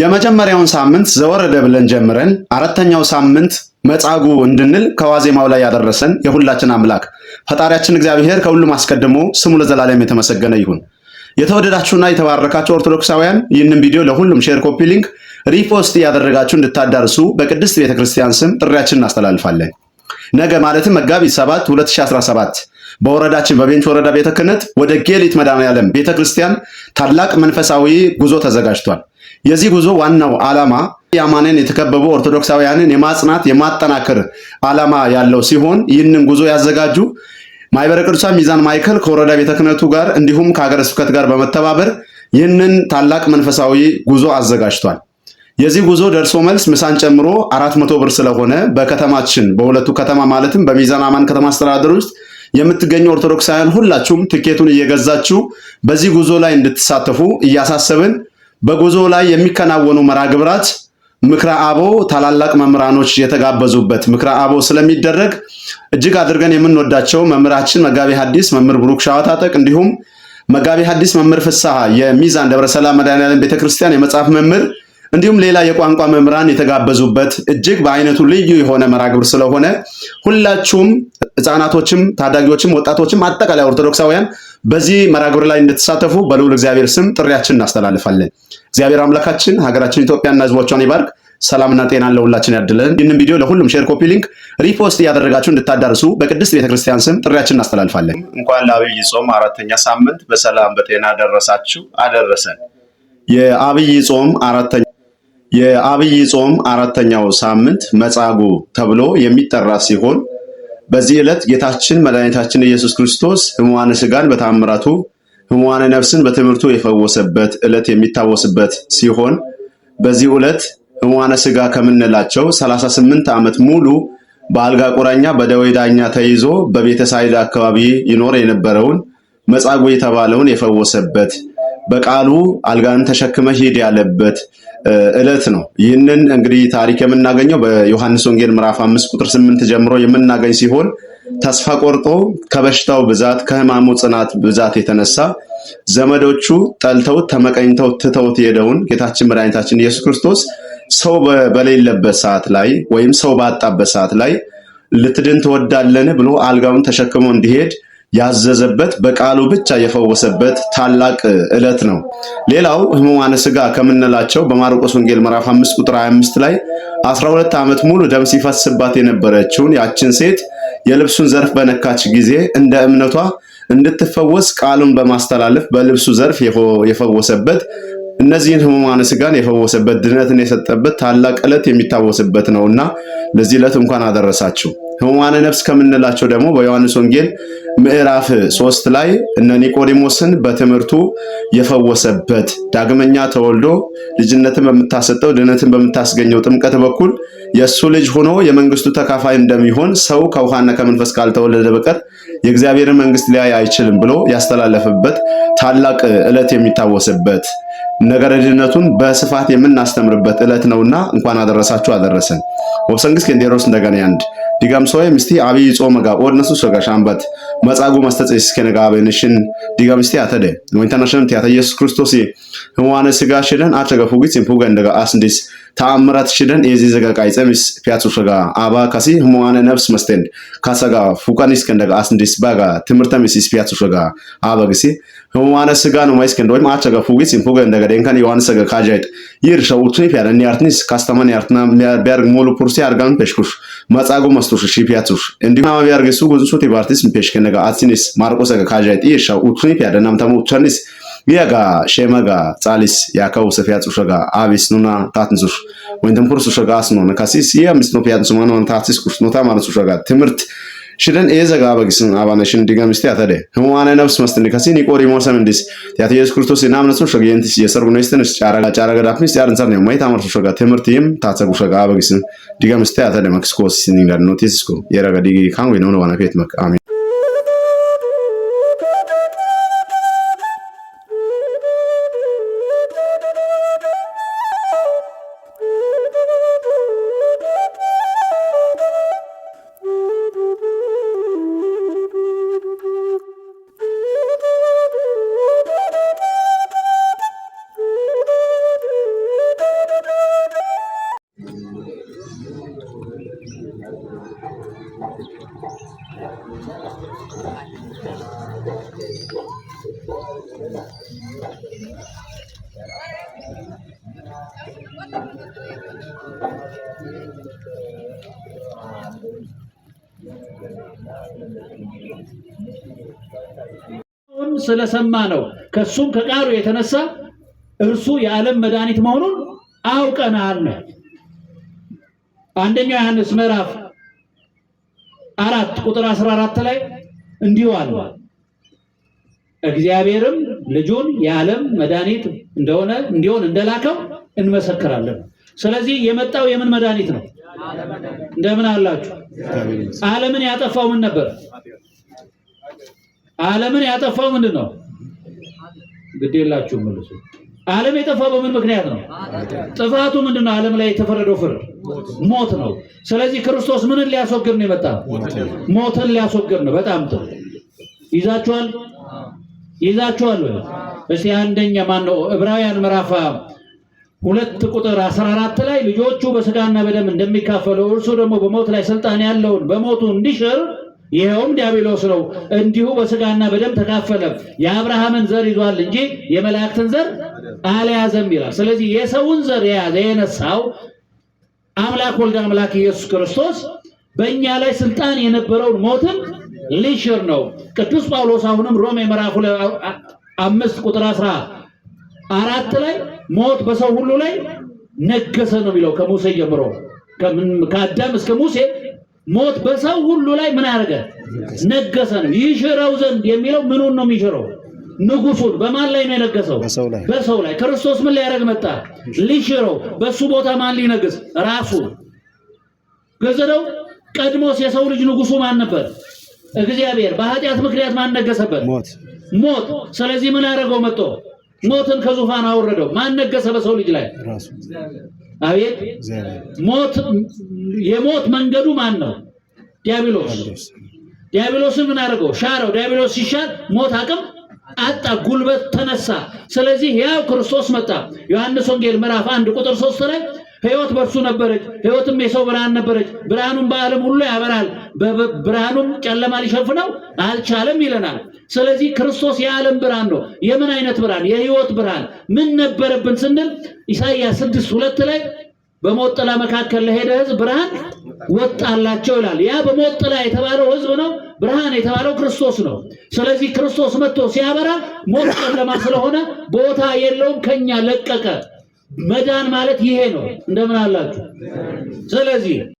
የመጀመሪያውን ሳምንት ዘወረደ ብለን ጀምረን አራተኛው ሳምንት መጻጉ እንድንል ከዋዜማው ላይ ያደረሰን የሁላችን አምላክ ፈጣሪያችን እግዚአብሔር ከሁሉም አስቀድሞ ስሙ ለዘላለም የተመሰገነ ይሁን። የተወደዳችሁና የተባረካችሁ ኦርቶዶክሳውያን ይህንን ቪዲዮ ለሁሉም ሼር፣ ኮፒ ሊንክ፣ ሪፖስት እያደረጋችሁ እንድታዳርሱ በቅድስት ቤተክርስቲያን ስም ጥሪያችን እናስተላልፋለን። ነገ ማለትም መጋቢት 7 2017 በወረዳችን በቤንች ወረዳ ቤተ ክህነት ወደ ጌሊት መድኃኔዓለም ቤተክርስቲያን ታላቅ መንፈሳዊ ጉዞ ተዘጋጅቷል። የዚህ ጉዞ ዋናው ዓላማ ያማንን የተከበቡ ኦርቶዶክሳውያንን የማጽናት የማጠናከር ዓላማ ያለው ሲሆን ይህንን ጉዞ ያዘጋጁ ማይበረ ቅዱሳን ሚዛን ማዕከል ከወረዳ ቤተ ክህነቱ ጋር እንዲሁም ከሀገረ ስብከት ጋር በመተባበር ይህንን ታላቅ መንፈሳዊ ጉዞ አዘጋጅቷል። የዚህ ጉዞ ደርሶ መልስ ምሳን ጨምሮ አራት መቶ ብር ስለሆነ በከተማችን በሁለቱ ከተማ ማለትም በሚዛን አማን ከተማ አስተዳደር ውስጥ የምትገኙ ኦርቶዶክሳውያን ሁላችሁም ትኬቱን እየገዛችሁ በዚህ ጉዞ ላይ እንድትሳተፉ እያሳሰብን በጉዞ ላይ የሚከናወኑ መራግብራት ግብራት ምክረ አቦ ታላላቅ መምህራኖች የተጋበዙበት ምክረ አቦ ስለሚደረግ እጅግ አድርገን የምንወዳቸው መምህራችን መጋቢ ሐዲስ መምህር ብሩክ ሻዋታጠቅ እንዲሁም መጋቢ ሐዲስ መምህር ፍስሐ የሚዛን ደብረሰላም መድኃኔዓለም ቤተክርስቲያን የመጽሐፍ መምህር እንዲሁም ሌላ የቋንቋ መምህራን የተጋበዙበት እጅግ በአይነቱ ልዩ የሆነ መርሃ ግብር ስለሆነ ሁላችሁም ህፃናቶችም ታዳጊዎችም ወጣቶችም አጠቃላይ ኦርቶዶክሳውያን በዚህ መራግብር ላይ እንድትሳተፉ በልዑል እግዚአብሔር ስም ጥሪያችን እናስተላልፋለን። እግዚአብሔር አምላካችን ሀገራችን ኢትዮጵያና ህዝቦቿን ይባርክ፣ ሰላምና ጤና ለሁላችን ያድለን። ይህንን ቪዲዮ ለሁሉም ሼር፣ ኮፒ ሊንክ፣ ሪፖስት እያደረጋችሁ እንድታዳርሱ በቅድስት ቤተክርስቲያን ስም ጥሪያችን እናስተላልፋለን። እንኳን ለአብይ ጾም አራተኛ ሳምንት በሰላም በጤና ደረሳችሁ አደረሰን። የአብይ ጾም አራተኛ የአብይ ጾም አራተኛው ሳምንት መጻጉዕ ተብሎ የሚጠራ ሲሆን በዚህ ዕለት ጌታችን መድኃኒታችን ኢየሱስ ክርስቶስ ሕሙዋን ስጋን በታምራቱ ሕሙዋን ነፍስን በትምህርቱ የፈወሰበት ዕለት የሚታወስበት ሲሆን በዚህ ዕለት ህሙዋነ ስጋ ከምንላቸው 38 ዓመት ሙሉ በአልጋ ቁራኛ በደዌ ዳኛ ተይዞ በቤተ ሳይዳ አካባቢ ይኖር የነበረውን መጻጉዕ የተባለውን የፈወሰበት በቃሉ አልጋን ተሸክመ ሄድ ያለበት እለት ነው። ይህንን እንግዲህ ታሪክ የምናገኘው በዮሐንስ ወንጌል ምዕራፍ አምስት ቁጥር ስምንት ጀምሮ የምናገኝ ሲሆን ተስፋ ቆርጦ ከበሽታው ብዛት ከህማሙ ጽናት ብዛት የተነሳ ዘመዶቹ ጠልተውት ተመቀኝተው ትተውት የሄደውን ጌታችን መድኃኒታችን ኢየሱስ ክርስቶስ ሰው በሌለበት ሰዓት ላይ ወይም ሰው ባጣበት ሰዓት ላይ ልትድን ትወዳለን ብሎ አልጋውን ተሸክሞ እንዲሄድ ያዘዘበት በቃሉ ብቻ የፈወሰበት ታላቅ ዕለት ነው። ሌላው ሕሙማነ ሥጋ ከምንላቸው በማርቆስ ወንጌል ምዕራፍ 5 ቁጥር 25 ላይ 12 ዓመት ሙሉ ደም ሲፈስባት የነበረችውን ያችን ሴት የልብሱን ዘርፍ በነካች ጊዜ እንደ እምነቷ እንድትፈወስ ቃሉን በማስተላለፍ በልብሱ ዘርፍ የፈወሰበት እነዚህን ሕሙማነ ሥጋን የፈወሰበት ድነትን የሰጠበት ታላቅ ዕለት የሚታወስበት እና ለዚህ ዕለት እንኳን አደረሳችሁ። ሕሙማነ ነፍስ ከምንላቸው ደግሞ በዮሐንስ ወንጌል ምዕራፍ ሶስት ላይ እነ ኒቆዲሞስን በትምህርቱ የፈወሰበት ዳግመኛ ተወልዶ ልጅነትን በምታሰጠው ድህነትን በምታስገኘው ጥምቀት በኩል የእሱ ልጅ ሆኖ የመንግስቱ ተካፋይ እንደሚሆን ሰው ከውሃና ከመንፈስ ካልተወለደ በቀር የእግዚአብሔርን መንግስት ሊያይ አይችልም ብሎ ያስተላለፈበት ታላቅ ዕለት የሚታወስበት ነገረ ድህነቱን በስፋት የምናስተምርበት ዕለት ነውና እንኳን አደረሳችሁ አደረሰን። ወብሰንግስ ኬንዴሮስ እንደገና ያንድ ዲጋምሶ ምስቲ አብይ ጾመ ጋብ ወድነሱ ሸጋሻምበት መጻጉዕ መስተጽእስ ከነጋቤንሽን ዲጋምስቲ አተደ ወይንተናሽንም ቲያተ ኢየሱስ ክርስቶስ ሕማነ ስጋሽለን አጨገፉ ጊዜ ፉገ እንደጋ አስንዲስ ተአምራት ሽደን የዚ ዘጋ ቃይጸምስ ፒያቱ ሸጋ አባ ካሲ ህሙዋነ ነብስ መስተን ካሰጋ ፉቃኒስ ከንደጋ አስንዲስ ባጋ ትምህርተምስ ስ ፒያቱ ሸጋ አባ ግሲ ህሙዋነ ስጋ ነው ማይስ ከንደ ወይም አቸጋ ፉጊስ ኢንፎገ እንደገ ደንካን ዮሐንስ ሰጋ ካጃይጥ ይር ሸውቹን ፒያደን ኒያርትኒስ ካስተማን ያርትና ቢያርግ ሞሉ ፑርሲ አርጋን ፔሽኩሽ መጻጎ መስቶሽ ሺ ፒያቱሽ እንዲሁ ማ ቢያርግ ሱ ጉንሱት ባርቲስ ፔሽ ከንደጋ አሲኒስ ማርቆ ሰጋ ካጃይጥ ይር ሸውቹን ፒያደን ናምታሙ ቸርኒስ Miyaga shemaga tsalis yakau sefiat ushaga avis nuna tatnsur wendem kursu shaga asno nakasis ya misno piat sumano tatis kursno taman ushaga timirt shiren eza ga bagisin abana shin diga misti atade humana nafs mastin kasi ni kori mosam indis ya yesus kristos nam nasu shaga yentis yesar gunestenus chara ga chara ga dafnis yaran sarne mai tamar ushaga timirt yim tatsa ushaga bagisin diga misti atade makiskos sinin ga notisko yera ga digi kanwe nono wana ket mak amin ስለሰማ ነው። ከሱም ከቃሉ የተነሳ እርሱ የዓለም መድኃኒት መሆኑን አውቀናል ነው። አንደኛው ዮሐንስ ምዕራፍ አራት ቁጥር 14 ላይ እንዲሁ አለ እግዚአብሔርም ልጁን የዓለም መድኃኒት እንደሆነ እንዲሆን እንደላከው እንመሰክራለን። ስለዚህ የመጣው የምን መድኃኒት ነው? እንደምን አላችሁ? ዓለምን ያጠፋው ምን ነበር? ዓለምን ያጠፋው ምንድን ነው? ግድ መልሱ። ዓለም የጠፋው በምን ምክንያት ነው? ጥፋቱ ምንድን ነው? ዓለም ላይ የተፈረደው ፍርድ ሞት ነው። ስለዚህ ክርስቶስ ምንን ሊያስወግድ ነው የመጣ? ሞትን ሊያስወግድ ነው። በጣም ጥሩ ይዛችኋል፣ ይዛችኋል። እስቲ አንደኛ ማን ነው? ዕብራውያን ምዕራፍ ሁለት ቁጥር 14 ላይ ልጆቹ በስጋና በደም እንደሚካፈሉ እርሱ ደግሞ በሞት ላይ ስልጣን ያለውን በሞቱ እንዲሽር ይኸውም ዲያብሎስ ነው፣ እንዲሁ በስጋና በደም ተካፈለ። የአብርሃምን ዘር ይዟል እንጂ የመላእክትን ዘር አልያዘም ይላል። ስለዚህ የሰውን ዘር የያዘ የነሳው አምላክ ወልድ አምላክ ኢየሱስ ክርስቶስ በእኛ ላይ ስልጣን የነበረውን ሞትን ሊሽር ነው። ቅዱስ ጳውሎስ አሁንም ሮሜ ምዕራፍ አምስት ቁጥር አስራ አራት ላይ ሞት በሰው ሁሉ ላይ ነገሰ ነው የሚለው ከሙሴ ጀምሮ ከአዳም እስከ ሙሴ ሞት በሰው ሁሉ ላይ ምን አደረገ? ነገሰ ነው። ይሽረው ዘንድ የሚለው ምኑን ነው የሚሽረው? ንጉሱን በማን ላይ ነው የነገሰው? በሰው ላይ። ክርስቶስ ምን ሊያደርግ መጣ? ሊሽረው። በሱ ቦታ ማን ሊነግስ? ራሱ ገዘደው። ቀድሞስ የሰው ልጅ ንጉሱ ማን ነበር? እግዚአብሔር። በኃጢአት ምክንያት ማን ነገሰበት? ሞት። ስለዚህ ምን አደረገው? መጥቶ ሞትን ከዙፋን አወረደው። ማን ነገሰ በሰው ልጅ ላይ? አቤት ሞት። የሞት መንገዱ ማን ነው? ዲያብሎስ። ዲያብሎስን ምን አደረገው? ሻረው። ዲያብሎስ ሲሻር ሞት አቅም አጣ፣ ጉልበት ተነሳ። ስለዚህ ያው ክርስቶስ መጣ። ዮሐንስ ወንጌል ምዕራፍ አንድ ቁጥር ሶስት ላይ ህይወት በእርሱ ነበረች፣ ህይወትም የሰው ብርሃን ነበረች፣ ብርሃኑም በዓለም ሁሉ ያበራል፣ ብርሃኑም ጨለማ ሊሸፍነው አልቻለም ይለናል። ስለዚህ ክርስቶስ የዓለም ብርሃን ነው። የምን አይነት ብርሃን? የህይወት ብርሃን። ምን ነበረብን ስንል ኢሳይያስ ስድስት ሁለት ላይ በሞት ጥላ መካከል ለሄደ ብርሃን ወጣላቸው ይላል። ያ በሞት ጥላ የተባለው ህዝብ ነው። ብርሃን የተባለው ክርስቶስ ነው። ስለዚህ ክርስቶስ መጥቶ ሲያበራ ሞት ጨለማ ስለሆነ ቦታ የለውም፣ ከኛ ለቀቀ። መዳን ማለት ይሄ ነው። እንደምን አላችሁ? ስለዚህ